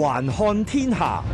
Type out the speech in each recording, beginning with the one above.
環看天下，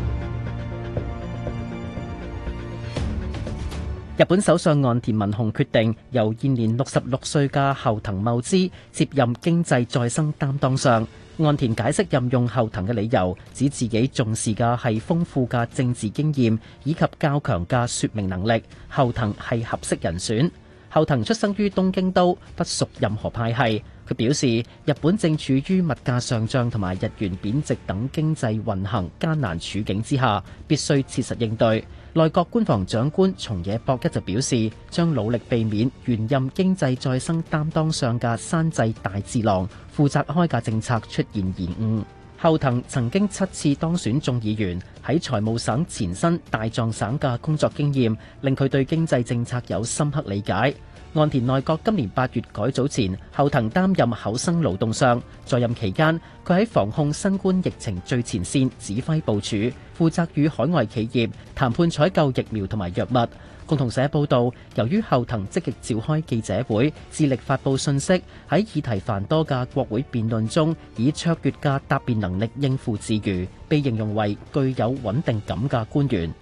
日本首相岸田文雄決定由現年六十六歲嘅後藤茂之接任經濟再生擔當相。岸田解釋任用後藤嘅理由，指自己重視嘅係豐富嘅政治經驗以及較強嘅說明能力，後藤係合適人選。後藤出生於東京都，不屬任何派系。佢表示，日本正處於物價上漲同埋日元貶值等經濟運行艱難處境之下，必須切實應對。內閣官房長官松野博一就表示，將努力避免原任經濟再生擔當相嘅山際大志郎負責開價政策出現延誤。後藤曾經七次當選眾議員，喺財務省前身大藏省嘅工作經驗，令佢對經濟政策有深刻理解。岸田內閣今年八月改組前，後藤擔任厚生勞動相，在任期間，佢喺防控新冠疫情最前線指揮部署，負責與海外企業談判採購疫苗同埋藥物。共同社報道，由於後藤積極召開記者會，致力發布信息，喺議題繁多嘅國會辯論中，以卓越嘅答辯能力應付自如，被形容為具有穩定感嘅官員。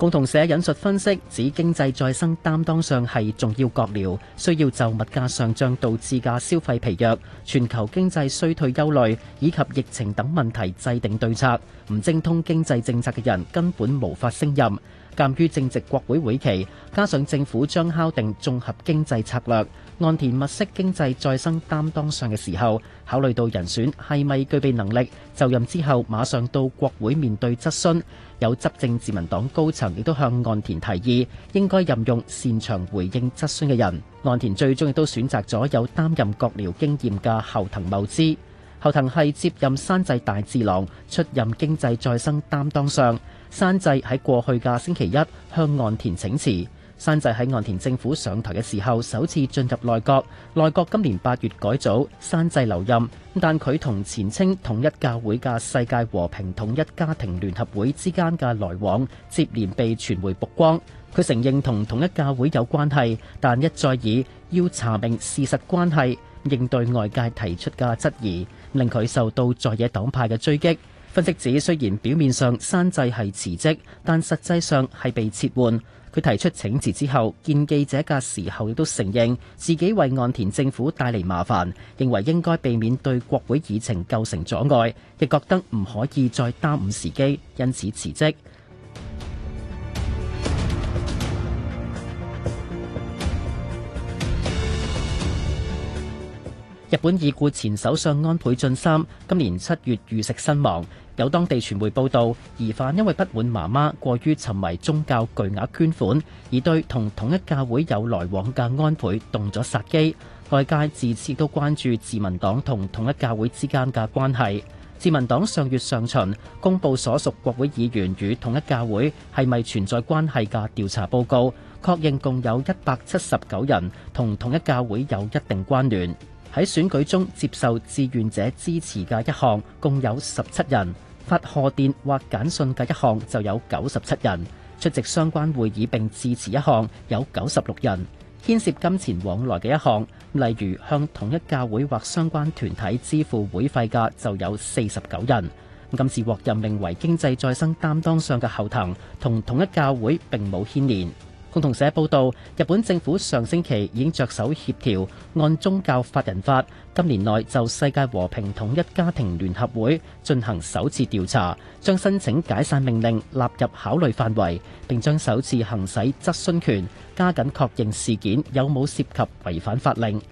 共同社引述分析，指經濟再生擔當相係重要閣僚，需要就物價上漲導致嘅消費疲弱、全球經濟衰退憂慮以及疫情等問題制定對策。唔精通經濟政策嘅人根本無法勝任。鑑於正值國會會期，加上政府將敲定綜合經濟策略，岸田物色經濟再生擔當相嘅時候，考慮到人選係咪具備能力就任之後馬上到國會面對質詢，有執政自民黨高層亦都向岸田提議應該任用擅長回應質詢嘅人，岸田最終亦都選擇咗有擔任閣僚經驗嘅後藤茂之。後藤係接任山際大志郎出任經濟再生擔當相。山際喺過去嘅星期一向岸田請辭。山際喺岸田政府上台嘅時候首次進入內閣。內閣今年八月改組，山際留任。但佢同前稱統一教會嘅世界和平統一家庭聯合會之間嘅來往接連被傳媒曝光。佢承認同統一教會有關係，但一再以要查明事實關係應對外界提出嘅質疑。令佢受到在野黨派嘅追擊。分析指，雖然表面上山際係辭職，但實際上係被撤換。佢提出請辭之後，見記者嘅時候亦都承認自己為岸田政府帶嚟麻煩，認為應該避免對國會議程構成阻礙，亦覺得唔可以再耽誤時機，因此辭職。日本已故前首相安倍晉三今年七月遇刺身亡，有當地傳媒報道，疑犯因為不滿媽媽過於沉迷宗教、巨額捐款，而對同統一教會有來往嘅安倍動咗殺機。外界自此都關注自民黨同統一教會之間嘅關係，自民黨上月上旬公布所屬國會議員與統一教會係咪存在關係嘅調查報告，確認共有一百七十九人同統一教會有一定關聯。喺選舉中接受志願者支持嘅一項共有十七人，發賀電或簡訊嘅一項就有九十七人，出席相關會議並支持一項有九十六人，牽涉金錢往來嘅一項，例如向統一教會或相關團體支付會費嘅就有四十九人。今次獲任命為經濟再生擔當相嘅後藤，同統一教會並冇牽連。共同社報道，日本政府上星期已經着手協調，按宗教法人法，今年內就世界和平統一家庭聯合會進行首次調查，將申請解散命令納入考慮範圍，並將首次行使質詢權，加緊確認事件有冇涉及違反法令。